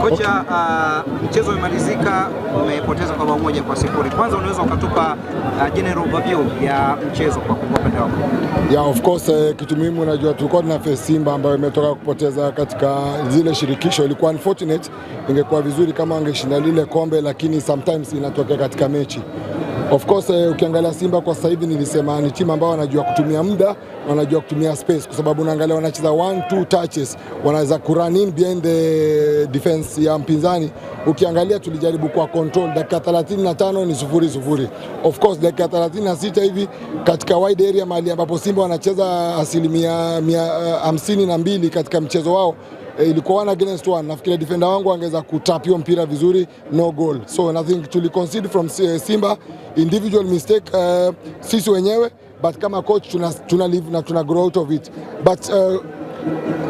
Kocha, uh, mchezo umemalizika, umepoteza kwa bao moja kwa sifuri. Kwanza unaweza ukatupa uh, general overview ya mchezo kwa upande wako? Yeah, of course eh, kitu muhimu unajua, tulikuwa tuna face Simba ambayo imetoka kupoteza katika zile shirikisho. Ilikuwa unfortunate, ingekuwa vizuri kama wangeshinda lile kombe, lakini sometimes inatokea katika mechi Of course uh, ukiangalia Simba kwa sasa hivi nilisema ni timu ambao wanajua kutumia muda, wanajua kutumia space, kwa sababu unaangalia wanacheza one two touches, wanaweza kurun in behind the defense ya mpinzani. Ukiangalia tulijaribu kwa control dakika 35 ni sufuri sufuri. Of course dakika 36 hivi katika wide area mahali ambapo Simba wanacheza asilimia 52 eh, na mbili katika mchezo wao eh, ilikuwa one against one. Nafikiri defender wangu angeweza hiyo mpira vizuri, no goal. So I think tuli concede from eh, Simba individual mistake uh, sisi wenyewe but kama coach tuna, tuna live na tuna grow out of it but uh,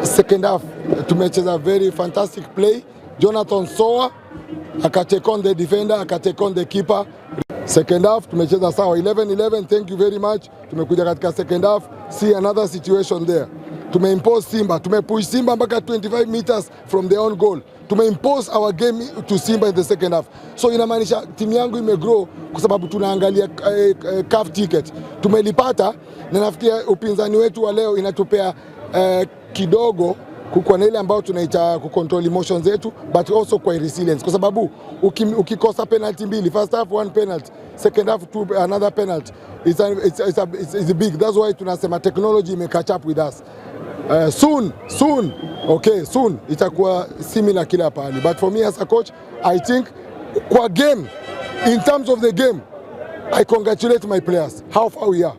second half tumecheza very fantastic play. Jonathan Soa akatake on the defender akatake on the keeper. Second half tumecheza sawa 11 11. Thank you very much. Tumekuja katika second half, see another situation there tumeimpose Simba, tumepush Simba mpaka 25 meters from their own goal, tumeimpose our game to Simba in the second half. So inamaanisha timu yangu imegrow kwa sababu tunaangalia uh, uh, CAF ticket tumelipata, na nafikia upinzani wetu wa leo inatupea uh, kidogo kwa ile ambayo tunaita control emotions zetu but also kwa resilience, kwa sababu ukikosa penalty mbili, first half one penalty, second half two another penalty, it's a, it's a, it's a, it's a big. That's why tunasema technology ime catch up with us. Uh, soon soon, okay, soon itakuwa similar kila pahali, but for me as a coach I think kwa game, in terms of the game I congratulate my players how far we are.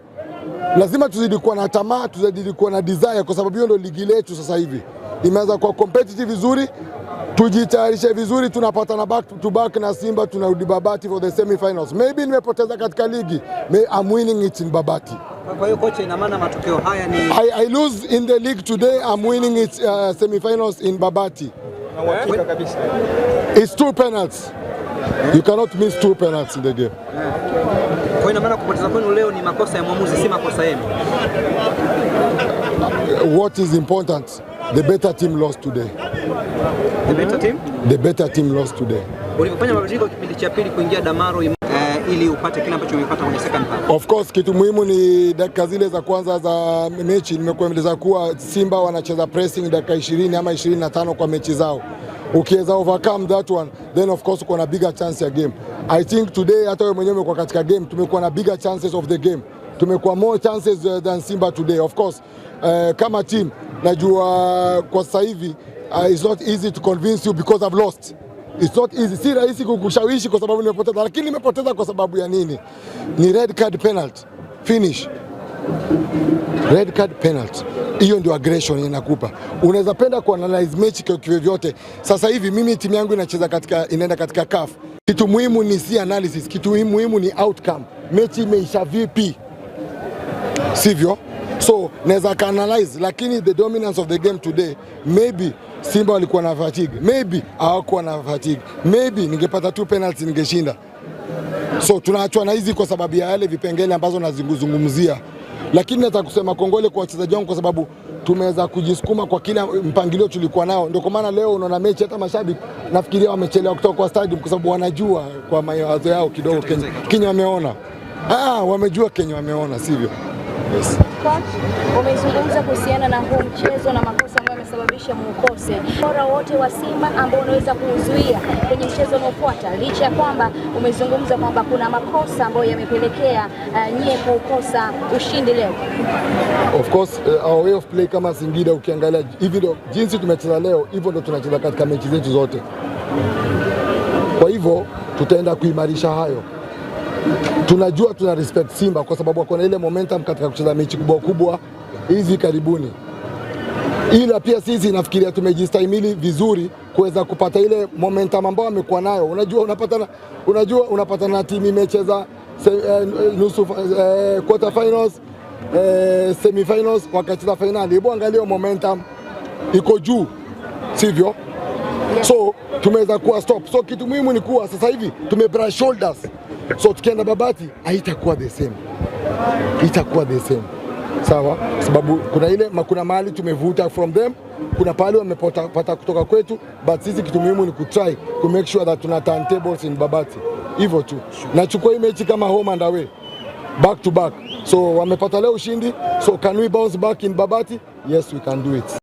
Lazima tuzidi kuwa na tamaa, tuzidi kuwa na desire, kwa sababu hiyo ndio ligi letu sasa hivi imeanza kwa competitive vizuri, tujitayarishe vizuri, tunapata na back to back na Simba, tunarudi Babati for the semi finals. Maybe nimepoteza katika ligi, May I'm winning it in Babati. Kwa hiyo kocha, ina maana matokeo haya ni I, I lose in the league today, I'm winning it uh, semi finals in Babati. Yeah. It's two penalties. You cannot miss two penalties in the game. Yeah. Kwa ina maana kupoteza kwenu leo ni makosa ya mwamuzi, si makosa yenu what is important, the better team lost today. The better team? The better team lost today. Ulifanya mabadiliko kipindi cha pili kuingia Damaro eh, ili upate kile ambacho umepata kwenye second half. Of course, kitu muhimu ni dakika zile za kwanza za mechi, nimekueleza kuwa Simba wanacheza pressing dakika 20 ama 25 kwa mechi zao. Ukiweza overcome that one, then of course uko na bigger chance ya game. I think today hata wewe mwenyewe umekuwa katika game, tumekuwa na bigger chances of the game tumekuwa more chances uh, than Simba today of course. Uh, kama team najua kwa sasa hivi uh, it's not easy to convince you because I've lost. It's not easy, si rahisi kukushawishi kwa sababu nimepoteza, lakini nimepoteza kwa sababu ya nini? Ni red card penalty finish, red card penalty hiyo ndio aggression inakupa. Unaweza penda kuanalyze mechi kwa kivyo vyote Sasa hivi mimi timu yangu inacheza katika, inaenda katika CAF. Kitu muhimu ni si analysis, kitu muhimu ni outcome. Mechi imeisha vipi? sivyo? So naweza kaanalyze, lakini the dominance of the game today maybe Simba walikuwa na fatigue, maybe hawakuwa na fatigue, maybe ningepata tu penalty ningeshinda. So tunaachwa na hizi kwa sababu ya yale vipengele ambazo nazungumzia, lakini nataka kusema kongole kwa wachezaji wangu kwa sababu tumeweza kujisukuma kwa kila mpangilio tulikuwa nao. Ndio kwa maana leo unaona mechi hata mashabiki nafikiria wamechelewa kutoka kwa stadium kwa sababu wanajua kwa mawazo yao kidogo kenye wameona. Ah, wamejua kenye wameona, sivyo? Yes. Coach, umezungumza kuhusiana na huu mchezo na makosa ambayo yamesababisha muukose bora wote wa Simba ambao unaweza kuuzuia kwenye mchezo unaofuata, licha ya kwamba umezungumza kwamba kuna makosa ambayo yamepelekea uh, nyie kuukosa ushindi leo. Of course, uh, our way of play kama Singida, ukiangalia hivi ndo jinsi tumecheza leo, hivyo ndo tunacheza katika mechi zetu zote. Kwa hivyo tutaenda kuimarisha hayo tunajua tuna respect Simba kwa sababu wako na ile momentum katika kucheza mechi kubwa kubwa hizi karibuni, ila pia sisi nafikiria tumejistahimili vizuri kuweza kupata ile momentum ambayo amekuwa nayo. Unajua na unajua unapata na timu imecheza eh, nusu eh, quarter finals eh, semi finals wakacheza finali. Hebu angalia momentum iko juu, sivyo? So tumeweza kuwa stop. So kitu muhimu ni kuwa sasa hivi tume brush shoulders, so tukienda Babati haitakuwa the same, itakuwa the same sawa, sababu kuna ile kuna mali tumevuta from them, kuna pale wamepata kutoka kwetu, but sisi kitu muhimu ni kutry to make sure that tuna tables in Babati, hivyo tu. Nachukua hii mechi kama home and away back to back, so wamepata leo ushindi, so can we bounce back in Babati? Yes, we can do it.